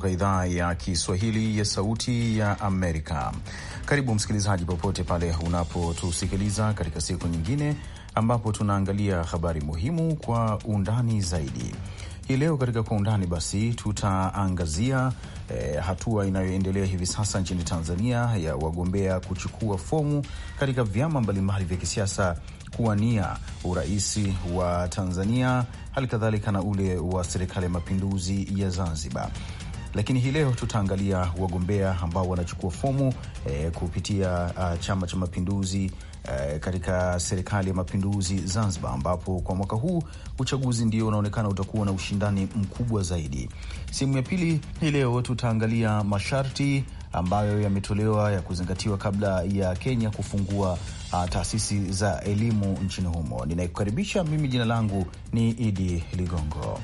kutoka idhaa ya Kiswahili ya Sauti ya Amerika. Karibu msikilizaji, popote pale unapotusikiliza katika siku nyingine ambapo tunaangalia habari muhimu kwa undani zaidi. Hii leo katika kwa undani basi tutaangazia eh, hatua inayoendelea hivi sasa nchini Tanzania ya wagombea kuchukua fomu katika vyama mbalimbali vya kisiasa kuwania urais wa Tanzania, hali kadhalika na ule wa serikali ya mapinduzi ya Zanzibar. Lakini hii leo tutaangalia wagombea ambao wanachukua fomu e, kupitia a, ah, Chama cha Mapinduzi e, katika serikali ya mapinduzi Zanzibar, ambapo kwa mwaka huu uchaguzi ndio unaonekana utakuwa na ushindani mkubwa zaidi. Sehemu ya pili hii leo tutaangalia masharti ambayo yametolewa ya kuzingatiwa kabla ya Kenya kufungua uh, taasisi za elimu nchini humo. Ninayekukaribisha mimi, jina langu ni Idi Ligongo.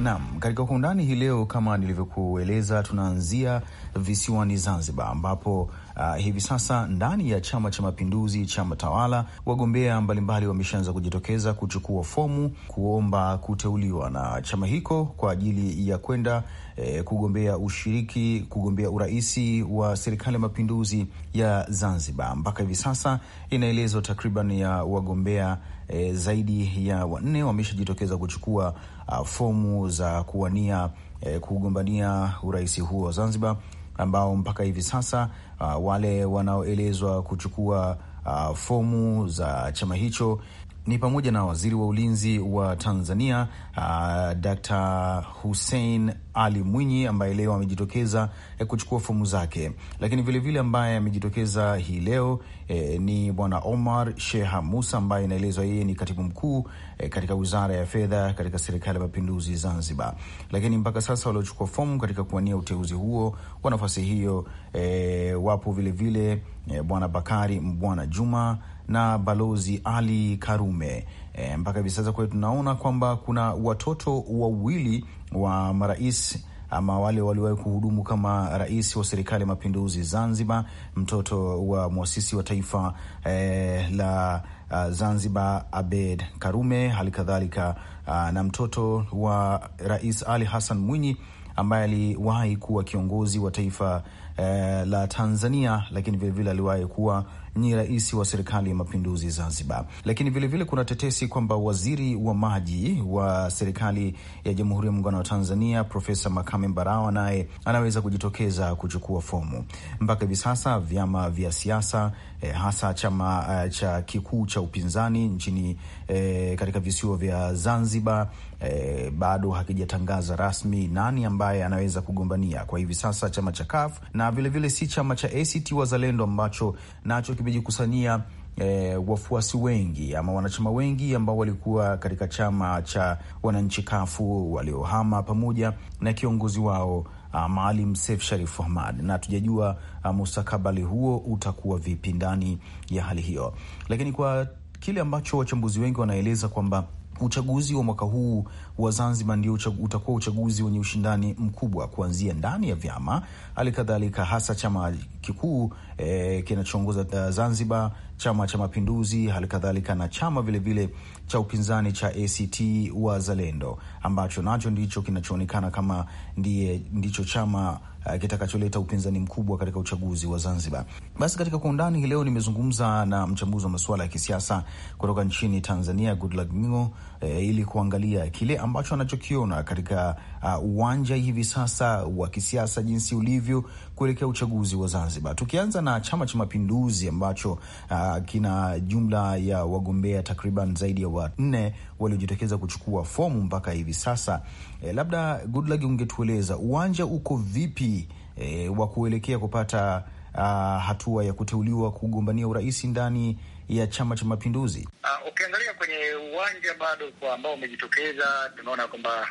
Naam, katika kwa undani hii leo, kama nilivyokueleza, tunaanzia visiwani Zanzibar ambapo Uh, hivi sasa ndani ya Chama cha Mapinduzi, chama tawala, wagombea mbalimbali wameshaanza kujitokeza kuchukua fomu kuomba kuteuliwa na chama hiko kwa ajili ya kwenda eh, kugombea ushiriki, kugombea uraisi wa serikali ya mapinduzi ya Zanzibar. Mpaka hivi sasa inaelezwa takriban ya wagombea eh, zaidi ya wanne wameshajitokeza kuchukua uh, fomu za kuwania eh, kugombania urais huo wa Zanzibar ambao mpaka hivi sasa uh, wale wanaoelezwa kuchukua uh, fomu za chama hicho ni pamoja na waziri wa ulinzi wa Tanzania uh, Dr. Hussein Ali Mwinyi ambaye leo amejitokeza eh, kuchukua fomu zake, lakini vilevile vile ambaye amejitokeza hii leo e, ni bwana Omar Sheha Musa ambaye inaelezwa yeye ni katibu mkuu e, katika wizara ya fedha katika serikali ya mapinduzi Zanzibar. Lakini mpaka sasa waliochukua fomu katika kuwania uteuzi huo kwa nafasi hiyo e, wapo vilevile e, bwana Bakari Mbwana Juma na balozi Ali Karume. E, mpaka hivi sasa kwao tunaona kwamba kuna watoto wawili wa marais ama wale waliwahi kuhudumu kama rais wa serikali ya mapinduzi Zanzibar, mtoto wa mwasisi wa taifa eh, la uh, Zanzibar Abed Karume, hali kadhalika uh, na mtoto wa rais Ali Hassan Mwinyi ambaye aliwahi kuwa kiongozi wa taifa eh, la Tanzania, lakini vilevile aliwahi kuwa ni rais wa serikali ya mapinduzi Zanzibar. Lakini vilevile vile kuna tetesi kwamba waziri wa maji wa serikali ya Jamhuri ya Muungano wa Tanzania Profesa Makame Mbarawa naye anaweza kujitokeza kuchukua fomu. Mpaka hivi sasa vyama vya siasa eh, hasa chama eh, cha kikuu cha upinzani nchini eh, katika visiwa vya Zanzibar E, bado hakijatangaza rasmi nani ambaye anaweza kugombania kwa hivi sasa chama cha CUF na vilevile vile si chama cha ACT Wazalendo ambacho nacho vimejikusania E, eh, wafuasi wengi ama wanachama wengi ambao walikuwa katika chama cha wananchi kafu waliohama pamoja na kiongozi wao ah, Maalim Seif Sharif Hamad, na tujajua ah, mustakabali huo utakuwa vipi ndani ya hali hiyo, lakini kwa kile ambacho wachambuzi wengi wanaeleza kwamba Uchaguzi wa mwaka huu wa Zanzibar ndio utakuwa uchaguzi wenye ushindani mkubwa kuanzia ndani ya vyama, hali kadhalika hasa chama kikuu e, kinachoongoza eh, Zanzibar, Chama cha Mapinduzi, hali kadhalika na chama vilevile vile cha upinzani cha ACT Wazalendo ambacho nacho ndicho kinachoonekana kama ndiye, ndicho chama Eh, kitakacholeta upinzani mkubwa katika uchaguzi wa Zanzibar. Basi katika kwa undani hii leo nimezungumza na mchambuzi wa masuala ya kisiasa kutoka nchini Tanzania, Goodluck Ngingo eh, ili kuangalia kile ambacho anachokiona katika ah, uwanja hivi sasa wa kisiasa jinsi ulivyo kuelekea uchaguzi wa Zanzibar. Tukianza na Chama cha Mapinduzi ambacho uh, kina jumla ya wagombea takriban zaidi ya wanne waliojitokeza kuchukua fomu mpaka hivi sasa. E, labda Goodluck, ungetueleza uwanja uko vipi e, wa kuelekea kupata uh, hatua ya kuteuliwa kugombania urais ndani ya Chama cha Mapinduzi? Ah, ukiangalia uh, okay, kwenye uwanja bado kwa ambao umejitokeza tunaona kwamba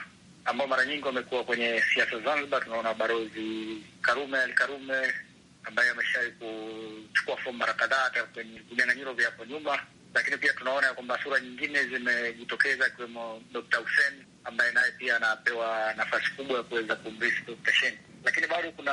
ambao mara nyingi wamekuwa kwenye siasa Zanzibar. Tunaona barozi Karume Ali Karume ambaye ameshawahi kuchukua fomu mara kadhaa hata kwenye vinyang'anyiro vya hapo nyuma, lakini pia tunaona kwamba sura nyingine zimejitokeza ikiwemo Dr. Hussein ambaye naye pia anapewa nafasi kubwa ya kuweza kumrisi Dr. Shein, lakini bado kuna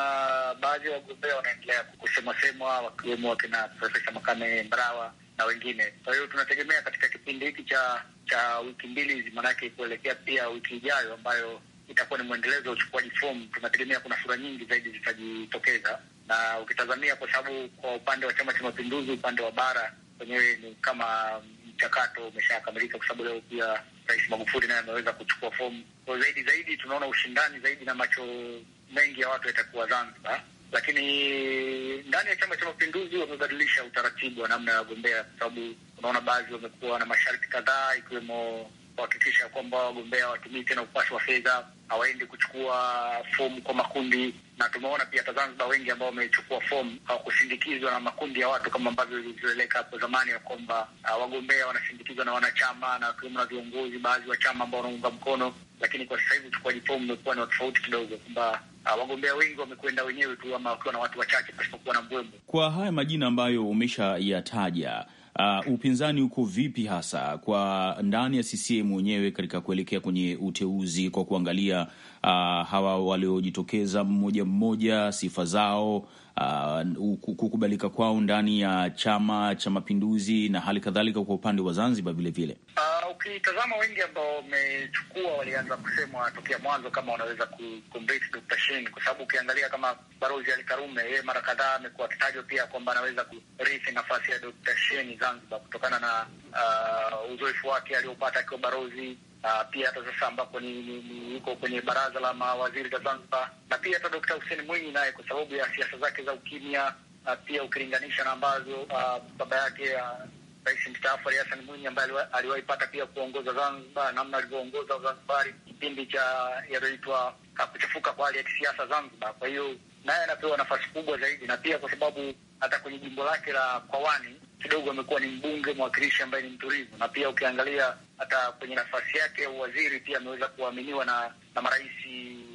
baadhi ya wagombea wanaendelea kusemwasemwa wakiwemo wakina Profesa Makame Mbarawa na wengine. Kwa hiyo tunategemea katika kipindi hiki cha cha wiki mbili hizi, maanake kuelekea pia wiki ijayo ambayo itakuwa ni mwendelezo wa uchukuaji fomu, tunategemea kuna sura nyingi zaidi zitajitokeza, na ukitazamia, kwa sababu kwa upande wa Chama cha Mapinduzi, upande wa bara wenyewe ni kama mchakato umeshakamilika, kwa sababu leo pia Rais Magufuli naye ameweza kuchukua fomu. Kwa zaidi zaidi, tunaona ushindani zaidi na macho mengi ya watu yatakuwa Zanzibar, lakini ndani ya Chama cha Mapinduzi wamebadilisha utaratibu wa namna ya wagombea, kwa sababu Unaona, baadhi wamekuwa na masharti kadhaa, ikiwemo kuhakikisha kwamba wagombea watumii tena upasi wa fedha, hawaendi kuchukua fomu kwa makundi, na tumeona pia hata Zanzibar wengi ambao wamechukua fomu hawakusindikizwa na makundi ya watu kama ambavyo ilivyoeleka hapo zamani, ya kwamba ah, wagombea wanasindikizwa na wanachama na wakiwemo na viongozi baadhi wa chama ambao wanaunga mkono. Lakini kwa sasa hivi uchukuaji fomu umekuwa ni wa tofauti kidogo, kwamba ah, wagombea wengi wamekwenda wenyewe tu ama wakiwa na watu wachache pasipokuwa na mbwembo. Kwa haya majina ambayo umeshayataja Uh, upinzani uko vipi hasa kwa ndani ya CCM wenyewe katika kuelekea kwenye uteuzi kwa kuangalia uh, hawa waliojitokeza mmoja mmoja, sifa zao, uh, kukubalika kwao ndani ya Chama cha Mapinduzi na hali kadhalika kwa upande wa Zanzibar vilevile uh ukitazama wengi ambao wamechukua walianza kusemwa tokea mwanzo, kama wanaweza kumbeti Dr. Shein, kwa sababu ukiangalia kama Balozi Ali Karume yeye mara kadhaa amekuwa akitajwa pia kwamba anaweza kurithi nafasi ya Dr. Shein Zanzibar kutokana na uh, uzoefu wake aliopata akiwa balozi. Uh, pia hata sasa ambapo ni, yuko kwenye baraza la mawaziri la Zanzibar, na pia hata Dkt. Hussein Mwinyi naye kwa sababu ya siasa zake za ukimya, uh, pia ukilinganisha na ambazo uh, baba yake uh, rais mstaafu Ali Hassan Mwinyi ambaye aliwahi pata pia kuongoza Zanzibar, namna alivyoongoza Zanzibari kipindi cha yaliyoitwa kuchafuka kwa hali ya kisiasa Zanzibar. Kwa hiyo naye anapewa nafasi kubwa zaidi, na pia kwa sababu hata kwenye jimbo lake la Kwawani kidogo amekuwa ni mbunge mwakilishi ambaye ni mtulivu, na pia ukiangalia hata kwenye nafasi yake ya uwaziri pia ameweza kuaminiwa na, na marais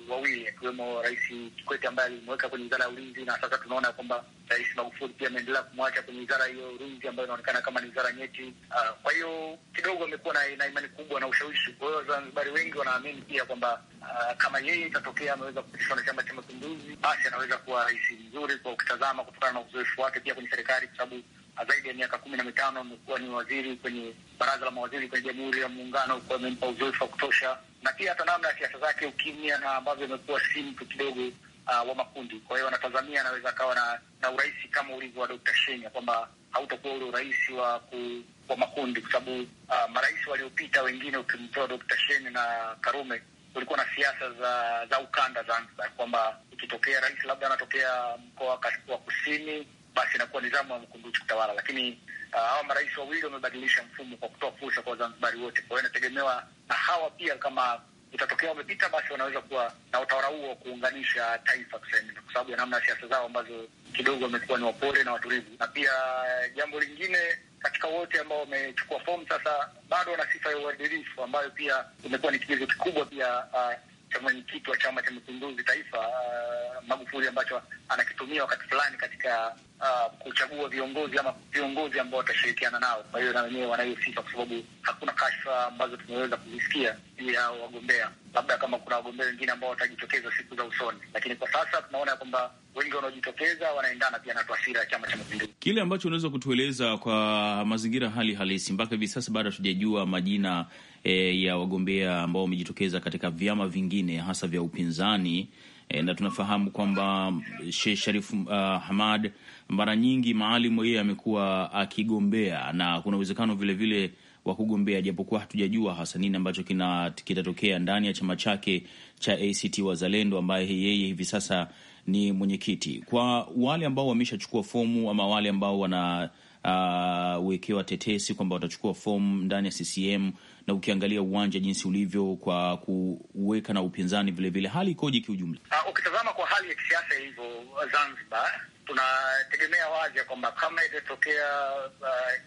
wawili akiwemo Rais Kikwete ambaye alimweka kwenye wizara ya ulinzi, na sasa tunaona kwamba Rais Magufuli pia ameendelea kumwacha kwenye wizara hiyo ulinzi, ambayo inaonekana kama ni wizara nyeti. Uh, kwa hiyo kidogo amekuwa na imani kubwa na ushawishi. Kwa hiyo Wazanzibari wengi wanaamini pia kwamba uh, kama yeye itatokea ameweza kupitishwa na Chama cha Mapinduzi, basi anaweza kuwa rais mzuri kwa ukitazama, kutokana na uzoefu wake pia kwenye serikali, kwa sababu zaidi ya miaka kumi na mitano amekuwa ni waziri kwenye baraza la mawaziri kwenye Jamhuri ya Muungano, kwa amempa uzoefu wa kutosha, na pia hata namna ya siasa zake, ukimya na ambavyo amekuwa si mtu kidogo uh, wa makundi. Kwa hiyo anatazamia anaweza akawa na, na urahisi kama ulivyo wa Dkt. Shenya kwamba hautakuwa ule urahisi wa ku, wa makundi, kwa sababu uh, marais waliopita wengine ukimtoa Dkt. Shenya na Karume kulikuwa na siasa za za ukanda Zanzibar, kwamba ikitokea rais labda anatokea mkoa wa kusini basi inakuwa ni zamu ya Mkunduchi kutawala. Lakini uh, hawa uh, marais wawili wamebadilisha mfumo kwa kutoa fursa kwa Wazanzibari wote. Kwa hiyo inategemewa na hawa pia, kama utatokea wamepita, basi wanaweza kuwa na utawala huo wa kuunganisha taifa tuseme, kwa sababu ya namna ya siasa zao ambazo kidogo wamekuwa ni wapole na watulivu. Na pia uh, jambo lingine katika wote ambao wamechukua fomu sasa, bado wana sifa ya uadilifu ambayo pia imekuwa ni kigezo kikubwa pia uh, cha mwenyekiti wa Chama cha Mapinduzi taifa uh, Magufuli ambacho anakitumia wakati fulani katika uh, kuchagua viongozi ama viongozi ambao watashirikiana nao. Kwa hiyo na wenyewe wanayo sifa, kwa sababu hakuna kashfa ambazo tumeweza kuzisikia ya wagombea, labda kama kuna wagombea wengine ambao watajitokeza siku za usoni, lakini kwa sasa tunaona kwamba wengi wanaojitokeza wanaendana pia na taswira ya Chama cha Mapinduzi. Kile ambacho unaweza kutueleza kwa mazingira hali halisi mpaka hivi sasa, bado hatujajua majina eh, ya wagombea ambao wamejitokeza katika vyama vingine hasa vya upinzani e, na tunafahamu kwamba Sheikh Sharif uh, Hamad mara nyingi maalimu yeye amekuwa akigombea na kuna uwezekano vilevile wa kugombea, japokuwa hatujajua hasa nini ambacho kitatokea ndani ya chama chake cha ACT Wazalendo, ambaye yeye hivi sasa ni mwenyekiti. Kwa wale ambao wameshachukua fomu ama wale ambao wana uh, wekewa tetesi kwamba watachukua fomu ndani ya CCM na ukiangalia uwanja jinsi ulivyo kwa kuweka na upinzani vilevile, hali ikoje kiujumla? Uh, ukitazama kwa hali ya kisiasa hivyo Zanzibar tunategemea wazi ya kwamba kama itatokea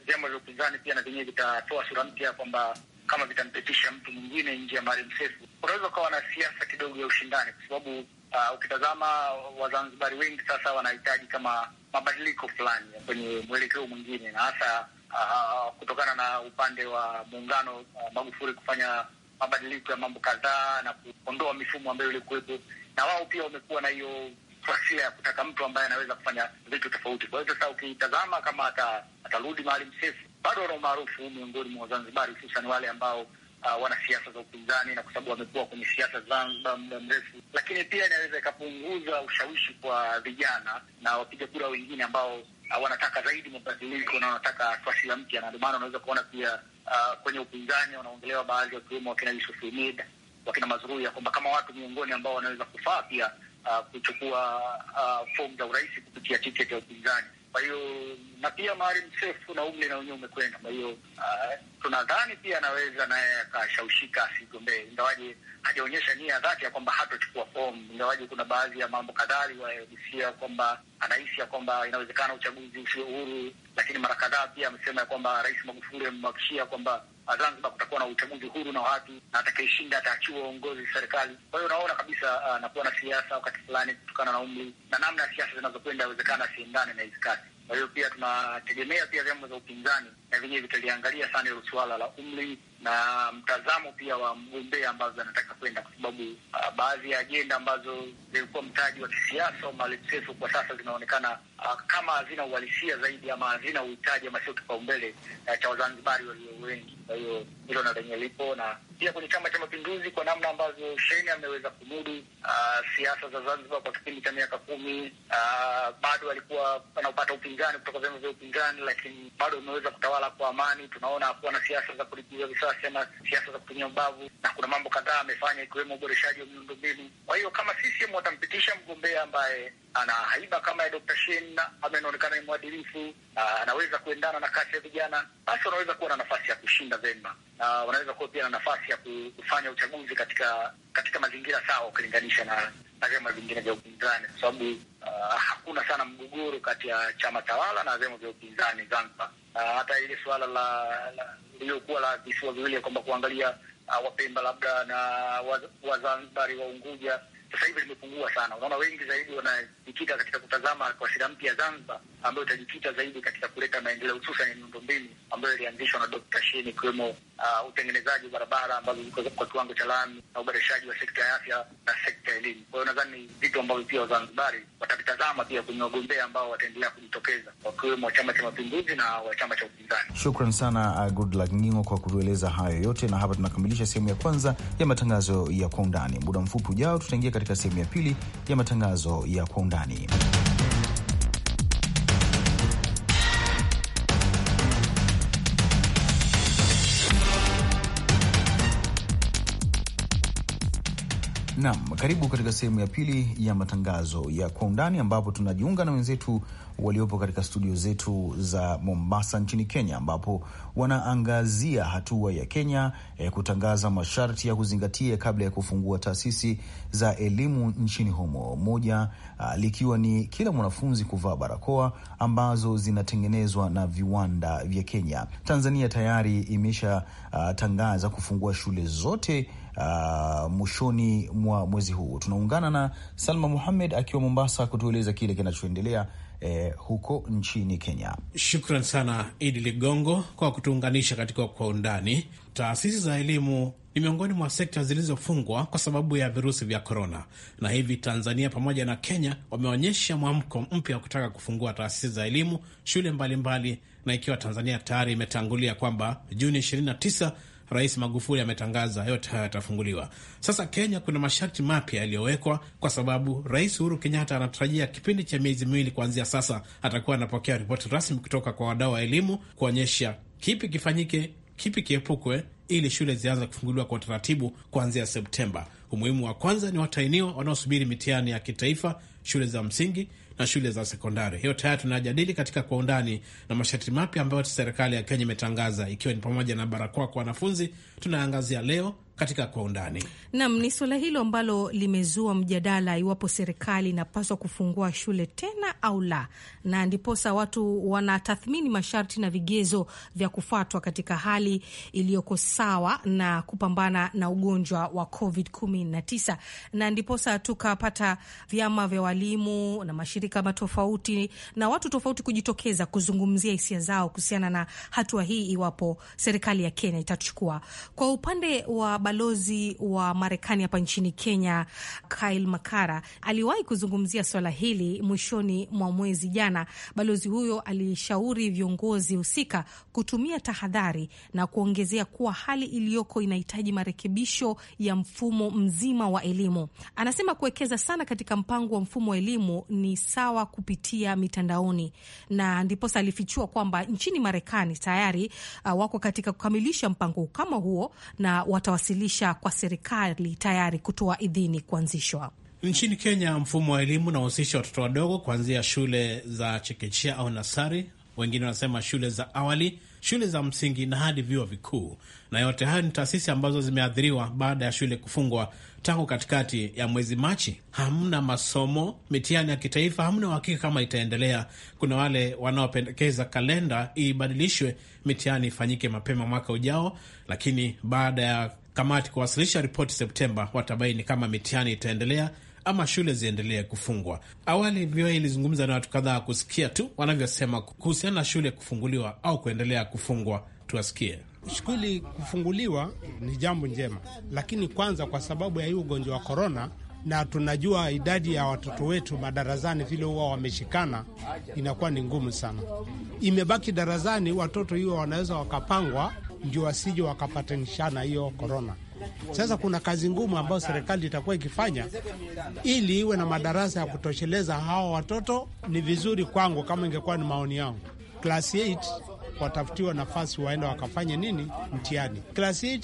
vyama uh, vya upinzani pia na vyenyewe vitatoa sura mpya kwamba kama vitampitisha mtu mwingine nje ya Maalim Seif, unaweza ukawa na siasa kidogo ya ushindani, kwa sababu uh, ukitazama Wazanzibari wengi sasa wanahitaji kama mabadiliko fulani kwenye mwelekeo mwingine, na hasa uh, kutokana na upande wa muungano uh, Magufuli kufanya mabadiliko ya mambo kadhaa na kuondoa mifumo ambayo ilikuwepo, na wao pia wamekuwa na hiyo fasila ya kutaka mtu ambaye anaweza kufanya vitu tofauti. Kwa hiyo sasa ukitazama kama ata, atarudi Maalim Seif bado wana umaarufu miongoni mwa Wazanzibari, hususan wale ambao Uh, wana siasa za upinzani na kwa sababu wamekuwa kwenye siasa Zanzibar muda mrefu, lakini pia inaweza ikapunguza ushawishi kwa vijana na wapiga kura wengine ambao Ah, wanataka zaidi mabadiliko na wanataka taswira mpya, na ndio maana unaweza kuona pia uh, kwenye upinzani wanaongelewa baadhi wakiwemo wakina Yusuf Hemid, wakina Mazrui ya kwamba kama watu miongoni ambao wanaweza kufaa pia uh, kuchukua uh, fomu za urais kupitia tiketi ya upinzani. Kwa hiyo na pia Maalim Seif na umri na wenyewe umekwenda, kwa hiyo ah, tunadhani pia anaweza naye akashawishika asigombee, ingawaje hajaonyesha nia dhati ya kwamba hatochukua fomu, ingawaje kuna baadhi ya mambo kadhaa aliyogusia kwamba anahisi ya kwamba inawezekana uchaguzi usio huru, lakini mara kadhaa pia amesema ya kwamba Rais Magufuli amemhakikishia kwamba Zanzibar kutakuwa na uchaguzi huru na watu, na atakayeshinda ataachiwa uongozi serikali. Kwa hiyo unaona kabisa uh, anakuwa na siasa wakati fulani kutokana na umri na namna ya siasa zinazokwenda, awezekana asiendane na hizi kazi Kwa hiyo pia tunategemea pia vyama vya upinzani na vyenyewe vitaliangalia sana hilo suala la umri na mtazamo pia wa mgombea ambazo anataka kwenda, kwa sababu uh, baadhi ya ajenda ambazo zilikuwa mtaji wa kisiasa au kwa sasa zinaonekana uh, kama hazina uhalisia zaidi ama hazina uhitaji ama sio kipaumbele uh, cha Wazanzibari walio wengi. Kwa hiyo hilo na lenye lipo na pia kwenye Chama cha Mapinduzi kwa namna ambazo Shein ameweza kumudu uh, siasa za Zanzibar kwa kipindi cha miaka kumi uh, bado alikuwa anaopata upinzani kutoka vyama vya upinzani, lakini bado ameweza kutawala kwa amani. Tunaona hakuwa na siasa za kulipiza wasema siasa za kutumia ubavu, na kuna mambo kadhaa amefanya ikiwemo uboreshaji wa miundombinu. Kwa hiyo kama CCM watampitisha mgombea ambaye ana haiba kama ya Dr. Shein, inaonekana ni mwadilifu, anaweza kuendana na kasi ya vijana, basi wanaweza kuwa na nafasi ya kushinda vyema, na wanaweza kuwa pia na nafasi ya kufanya uchaguzi katika katika mazingira sawa ukilinganisha na vyama vingine vya upinzani, kwa sababu uh, hakuna sana mgogoro kati ya chama tawala na vyama vya upinzani Zanzibar. Uh, hata ile suala la liliyokuwa la visiwa viwili kwamba kuangalia uh, Wapemba labda na Wazanzibari wa Unguja sasa hivi limepungua sana. Unaona, wengi zaidi wanajikita katika kutazama taswira mpya ya Zanzibar ambayo itajikita zaidi katika kuleta maendeleo hususan ya miundombinu ambayo ilianzishwa na Dkt. Shein ikiwemo uh, utengenezaji wa barabara ambazo ziko kwa kiwango cha lami na uboreshaji wa sekta ya afya na sekta ya elimu. Kwa hiyo nadhani vitu ambavyo pia Wazanzibari watavitazama pia kwenye wagombea ambao wataendelea kujitokeza wakiwemo wa Chama cha Mapinduzi na wa chama cha upinzani. Shukran sana uh, Goodluck Ngingo kwa kutueleza hayo yote, na hapa tunakamilisha sehemu ya kwanza ya matangazo ya kwa undani. Muda mfupi ujao, tutaingia katika sehemu ya pili ya matangazo ya kwa undani. Naam, karibu katika sehemu ya pili ya matangazo ya kwa undani ambapo tunajiunga na wenzetu waliopo katika studio zetu za Mombasa nchini Kenya ambapo wanaangazia hatua ya Kenya eh, kutangaza masharti ya kuzingatia kabla ya kufungua taasisi za elimu nchini humo. Moja uh, likiwa ni kila mwanafunzi kuvaa barakoa ambazo zinatengenezwa na viwanda vya Kenya. Tanzania tayari imesha uh, kufungua shule zote uh, mwishoni mwa mwezi huu. Tunaungana na Salma Muhamed akiwa Mombasa kutueleza kile kinachoendelea eh, huko nchini Kenya. Shukran sana Idi Ligongo kwa kutuunganisha katika Kwa Undani. Taasisi za elimu ni miongoni mwa sekta zilizofungwa kwa sababu ya virusi vya korona, na hivi Tanzania pamoja na Kenya wameonyesha mwamko mpya wa kutaka kufungua taasisi za elimu, shule mbalimbali mbali, na ikiwa Tanzania tayari imetangulia kwamba Juni 29 Rais Magufuli ametangaza yote haya yatafunguliwa. Sasa Kenya kuna masharti mapya yaliyowekwa, kwa sababu Rais Uhuru Kenyatta anatarajia kipindi cha miezi miwili kuanzia sasa atakuwa anapokea ripoti rasmi kutoka kwa wadau wa elimu kuonyesha kipi kifanyike, kipi kiepukwe ili shule zianze kufunguliwa kwa utaratibu kuanzia Septemba. Umuhimu wa kwanza ni watahiniwa wanaosubiri mitihani ya kitaifa, shule za msingi na shule za sekondari. Hiyo tayari tunajadili katika kwa undani na masharti mapya ambayo serikali ya Kenya imetangaza, ikiwa ni pamoja na barakoa kwa wanafunzi. Tunaangazia leo katika kwa undani. Naam, ni suala hilo ambalo limezua mjadala iwapo serikali inapaswa kufungua shule tena au la, na ndiposa watu wanatathmini masharti na vigezo vya kufuatwa katika hali iliyoko sawa na kupambana na ugonjwa wa COVID 19, na ndiposa tukapata vyama vya walimu na mashirika tofauti na watu tofauti kujitokeza kuzungumzia hisia zao kuhusiana na hatua hii, iwapo serikali ya Kenya itachukua. Kwa upande wa balozi wa Marekani hapa nchini Kenya Kyle Makara aliwahi kuzungumzia swala hili mwishoni mwa mwezi jana. Balozi huyo alishauri viongozi husika kutumia tahadhari na kuongezea kuwa hali iliyoko inahitaji marekebisho ya mfumo mzima wa elimu. Anasema kuwekeza sana katika mpango wa mfumo wa elimu ni sawa kupitia mitandaoni, na ndiposa alifichua kwamba nchini Marekani tayari uh, wako katika kukamilisha mpango kama huo na watawasili kuwasilisha kwa serikali tayari kutoa idhini kuanzishwa. Nchini Kenya, mfumo wa elimu unahusisha watoto wadogo kuanzia shule za chekechea au nasari, wengine wanasema shule za awali, shule za msingi na hadi vyuo vikuu, na yote hayo ni taasisi ambazo zimeathiriwa baada ya shule kufungwa tangu katikati ya mwezi Machi. Hamna masomo, mitihani ya kitaifa, hamna uhakika kama itaendelea. Kuna wale wanaopendekeza kalenda ibadilishwe, mitihani ifanyike mapema mwaka ujao, lakini baada ya kamati kuwasilisha ripoti Septemba, watabaini kama mitihani itaendelea ama shule ziendelee kufungwa. Awali VOA ilizungumza na watu kadhaa kusikia tu wanavyosema kuhusiana na shule kufunguliwa au kuendelea kufungwa. Tuwasikie. Shule kufunguliwa ni jambo njema, lakini kwanza, kwa sababu ya hii ugonjwa wa korona, na tunajua idadi ya watoto wetu madarazani vile huwa wameshikana, inakuwa ni ngumu sana. Imebaki darazani watoto hiwo wanaweza wakapangwa ndio wasije wakapatanishana hiyo korona. Sasa kuna kazi ngumu ambayo serikali itakuwa ikifanya ili iwe na madarasa ya kutosheleza hawa watoto. Ni vizuri kwangu, kama ingekuwa ni maoni yangu, class 8 watafutiwa nafasi waenda wakafanye nini mtihani class 8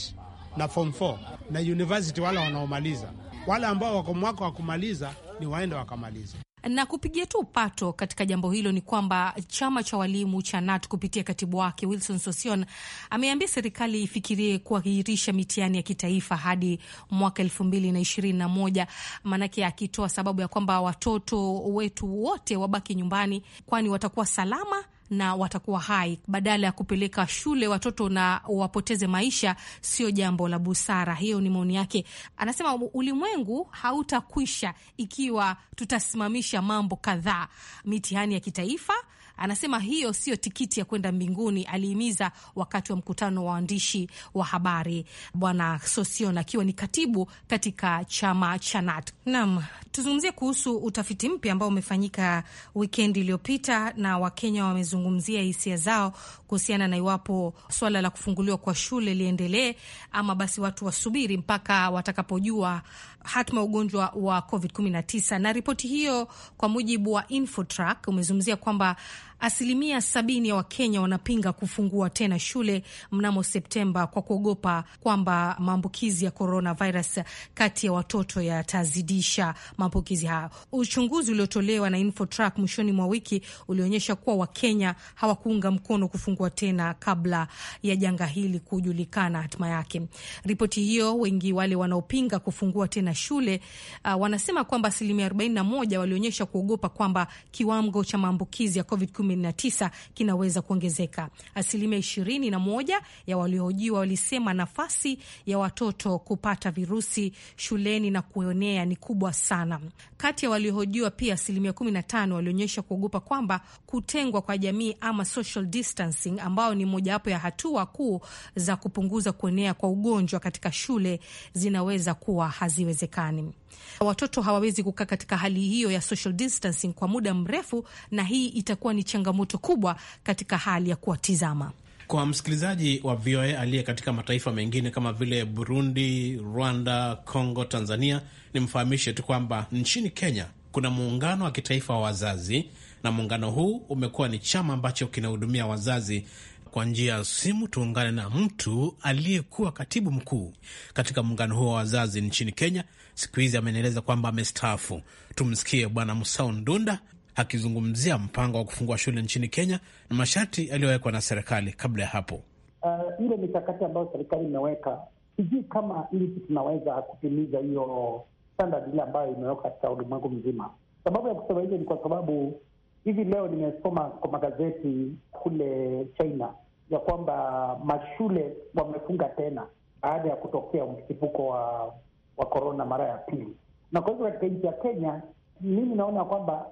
na form 4 na university, wale wanaomaliza, wale ambao wako mwaka wa kumaliza ni waende wakamaliza na kupigia tu upato katika jambo hilo ni kwamba chama cha walimu cha nat kupitia katibu wake Wilson Sosion ameambia serikali ifikirie kuahirisha mitihani ya kitaifa hadi mwaka elfu mbili na ishirini na moja, maanake akitoa sababu ya kwamba watoto wetu wote wabaki nyumbani, kwani watakuwa salama na watakuwa hai, badala ya kupeleka shule watoto na wapoteze maisha, sio jambo la busara. Hiyo ni maoni yake. Anasema ulimwengu hautakwisha ikiwa tutasimamisha mambo kadhaa, mitihani ya kitaifa Anasema hiyo sio tikiti ya kwenda mbinguni, alihimiza wakati wa mkutano wa waandishi wa habari. Bwana Sosion akiwa ni katibu katika chama cha NAT. Naam, tuzungumzie kuhusu utafiti mpya ambao umefanyika wikendi iliyopita, na Wakenya wamezungumzia hisia zao kuhusiana na iwapo swala la kufunguliwa kwa shule liendelee ama basi watu wasubiri mpaka watakapojua hatma ugonjwa wa COVID-19. Na ripoti hiyo kwa mujibu wa Infotrack umezungumzia kwamba Asilimia sabini ya Wakenya wanapinga kufungua tena shule mnamo Septemba kwa kuogopa kwamba maambukizi ya coronavirus kati ya watoto yatazidisha maambukizi hayo. Uchunguzi uliotolewa na Infotrack mwishoni mwa wiki ulionyesha kuwa Wakenya hawakuunga mkono kufungua tena kabla ya janga hili kujulikana hatima yake. Ripoti hiyo, wengi wale wanaopinga kufungua tena shule uh, wanasema kwamba asilimia 41 walionyesha kuogopa kwamba kiwango cha maambukizi ya COVID-19 19 kinaweza kuongezeka. Asilimia 21 ya waliohojiwa walisema nafasi ya watoto kupata virusi shuleni na kuonea ni kubwa sana. Kati ya waliohojiwa pia, asilimia 15 walionyesha kuogopa kwamba kutengwa kwa jamii ama social distancing, ambao ni mojawapo ya hatua kuu za kupunguza kuenea kwa ugonjwa katika shule, zinaweza kuwa haziwezekani. Watoto hawawezi kukaa katika hali hiyo ya social distancing kwa muda mrefu, na hii itakuwa ni changamoto kubwa katika hali ya kuwatizama kwa msikilizaji wa VOA aliye katika mataifa mengine kama vile Burundi, Rwanda, Congo, Tanzania, nimfahamishe tu kwamba nchini Kenya kuna muungano wa kitaifa wa wazazi, na muungano huu umekuwa ni chama ambacho kinahudumia wazazi kwa njia ya simu tuungane na mtu aliyekuwa katibu mkuu katika muungano huo wa wazazi nchini Kenya, siku hizi amenieleza kwamba amestaafu. Tumsikie Bwana Musau Ndunda akizungumzia mpango wa kufungua shule nchini Kenya na masharti yaliyowekwa na serikali. Kabla ya hapo, uh, ile mikakati ambayo serikali imeweka, sijui kama ili tunaweza kutimiza hiyo standard ile ambayo imewekwa katika ulimwengu mzima. Sababu ya kusema hivyo ni kwa sababu Hivi leo nimesoma kwa magazeti kule China ya kwamba mashule wamefunga tena baada ya kutokea mchipuko wa wa korona mara ya pili, na kwa hivyo katika nchi ya Kenya mimi naona kwamba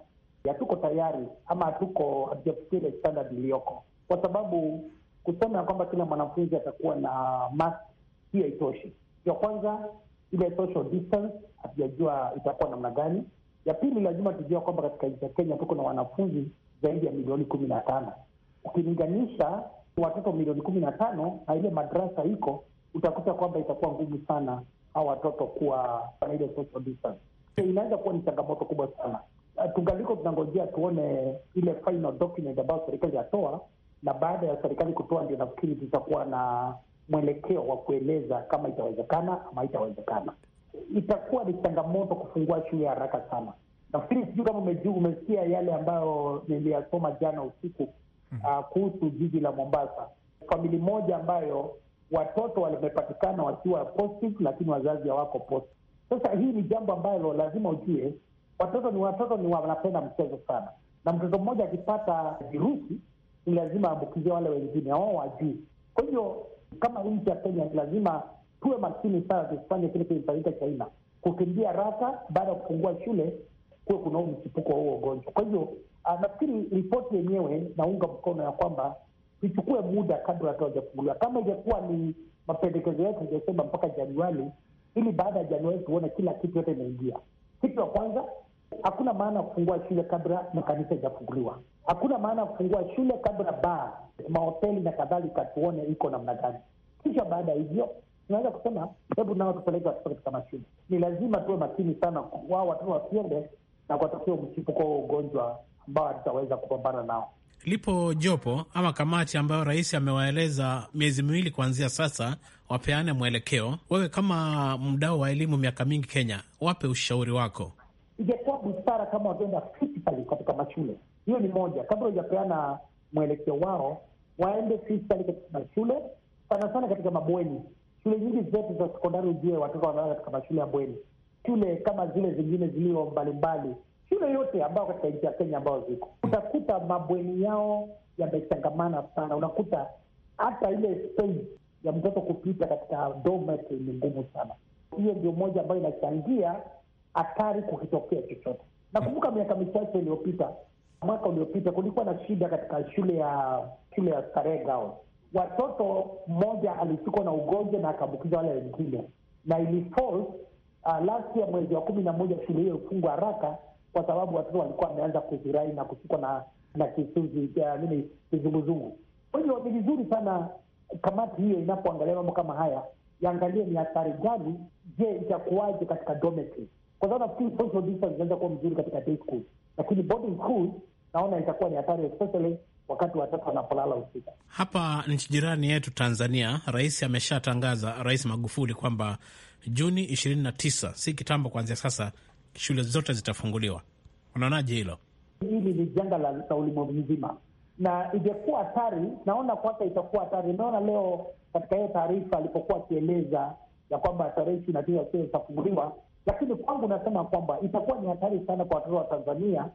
hatuko tayari ama hatuko hatujafikile standard iliyoko, kwa sababu kusema ya kwamba kila mwanafunzi atakuwa na mask hiyo haitoshi. Ya kwanza ile social distance hatujajua itakuwa namna gani, ya pili, lazima tujua kwamba katika nchi ya Kenya tuko na wanafunzi zaidi ya milioni kumi na tano ukilinganisha watoto milioni kumi na tano na ile madarasa iko, utakuta kwamba itakuwa ngumu sana hao watoto kuwa na ile social distance. Inaweza kuwa ni changamoto kubwa sana. Ah, Tungaliko tunangojea tuone ile final document ambayo serikali yatoa, na baada ya serikali kutoa, ndio nafikiri tutakuwa na mwelekeo wa kueleza kama itawezekana ama itawezekana itakuwa ni changamoto kufungua shule haraka sana. Nafikiri sijui kama umesikia yale ambayo niliyasoma jana usiku mm -hmm. uh, kuhusu jiji la Mombasa, famili moja ambayo watoto walimepatikana wakiwa positive, lakini wazazi hawako positive. Sasa hii ni jambo ambalo lazima ujue, watoto ni watoto, ni wanapenda mchezo sana, na mtoto mmoja akipata virusi ni lazima aambukizie wale wengine, wao wajui. Kwa hivyo kama nchi ya Kenya lazima tuwe makini sana tusifanye kile kilifanyika China, kukimbia raka baada ya kufungua shule, kuwe kuna huu mchipuko wa huo ugonjwa. Kwa hivyo ah, nafikiri ripoti yenyewe naunga mkono ya kwamba tuchukue muda kabla hata wajafunguliwa. Kama ingekuwa ni mapendekezo yetu, ingesema mpaka Januari, ili baada ya Januari tuone kila kitu yote imeingia. Kitu ya kwanza, hakuna maana ya kufungua shule kabla makanisa ijafunguliwa. Hakuna maana ya kufungua shule kabla baa, mahoteli na kadhalika, tuone iko namna gani. Kisha baada ya hivyo tunaweza kusema hebu nao tupeleke watoto katika mashule. Ni lazima tuwe makini sana, wao watoto wasiende na kuwatokea mchipuko wa ugonjwa ambao hatutaweza kupambana nao. Lipo jopo ama kamati ambayo rais amewaeleza miezi miwili kuanzia sasa wapeane mwelekeo. Wewe kama mdau wa elimu miaka mingi Kenya, wape ushauri wako. Ingekuwa busara kama wakienda physically katika mashule. Hiyo ni moja, kabla hujapeana mwelekeo wao, waende physically katika mashule, sana sana katika mabweni, shule nyingi zetu za sekondari, ujue watoto wanaa katika mashule ya bweni, shule kama zile zingine zilio mbalimbali, shule yote ambao katika nchi ya Kenya ambayo ziko, utakuta mabweni yao yamechangamana sana, unakuta hata ile space ya mtoto kupita katika ni ngumu sana. Hiyo ndio moja ambayo inachangia hatari kukitokea chochote. Nakumbuka miaka michache iliyopita, mwaka uliopita, kulikuwa na shida katika shule ya shule ya Sarengao watoto mmoja alishikwa na ugonjwa na akaambukiza wale wengine, na ili uh, last year mwezi wa kumi na moja shule hiyo ilifungwa haraka kwa sababu watoto walikuwa wameanza kuzirai na kushikwa na na kisuzi uh, nini kizunguzungu. Kwa ni vizuri sana kamati hiyo inapoangalia mambo kama haya yaangalie ni athari gani, je, itakuwaje katika dormitory, kwa sababu nafikiri social distance inaweza kuwa mzuri katika day school, lakini boarding school naona itakuwa ni hatari especially wakati watoto wanapolala usiku. Hapa nchi jirani yetu Tanzania, rais ameshatangaza, Rais Magufuli, kwamba Juni ishirini na tisa, si kitambo kuanzia sasa, shule zote zitafunguliwa. Unaonaje hilo? Hili ni janga la ulimwengu mzima na ingekuwa hatari, naona kwanza itakuwa hatari. Naona leo katika hiyo taarifa alipokuwa akieleza ya kwamba tarehe ishirini na tisa zitafunguliwa, lakini kwangu nasema kwamba itakuwa ni hatari sana kwa watoto wa Tanzania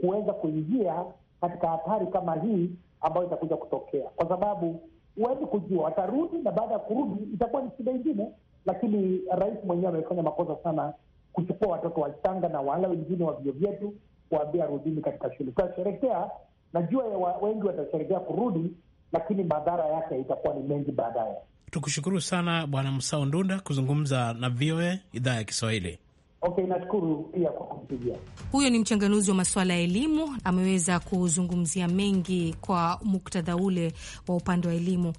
kuweza kuingia katika hatari kama hii ambayo itakuja kutokea, kwa sababu huwezi kujua watarudi, na baada ya kurudi itakuwa ni shida ingine. Lakini rais mwenyewe amefanya makosa sana kuchukua watoto wachanga na wala wengine wa vio vyetu kuambia rudini katika shule. Tutasherekea, najua wengi watasherekea kurudi, lakini madhara yake itakuwa ni mengi baadaye. Tukushukuru sana Bwana Msao Ndunda kuzungumza na VOA idhaa ya Kiswahili. Okay, nashukuru pia kwa kumpigia. Huyo ni mchanganuzi wa masuala ya elimu, ameweza kuzungumzia mengi kwa muktadha ule wa upande wa elimu.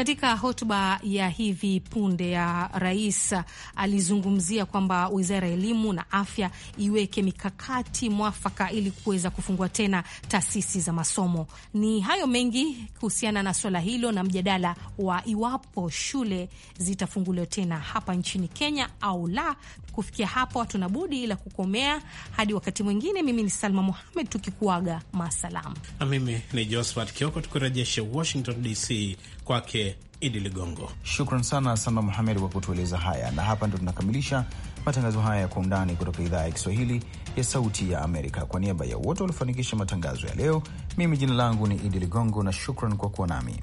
Katika hotuba ya hivi punde ya rais alizungumzia kwamba wizara ya elimu na afya iweke mikakati mwafaka ili kuweza kufungua tena taasisi za masomo. Ni hayo mengi kuhusiana na swala hilo na mjadala wa iwapo shule zitafunguliwa tena hapa nchini Kenya au la. Kufikia hapo, hatuna budi ila kukomea hadi wakati mwingine. Mimi ni Salma Muhamed, tukikuaga masalamu. Mimi ni Josphat Kioko, tukurejeshe Washington DC kwake Idi Ligongo. Shukran sana Salma Muhamed kwa kutueleza haya, na hapa ndo tunakamilisha matangazo haya ya Kwa Undani kutoka idhaa ya Kiswahili ya Sauti ya Amerika. Kwa niaba ya wote waliofanikisha matangazo ya leo, mimi jina langu ni Idi Ligongo na shukran kwa kuwa nami.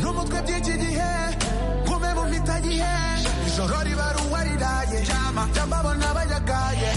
n'umutwe by'iki gihe nkume mu mitagihe ijoro riba ruwariraye ryama ryambabona banyagaye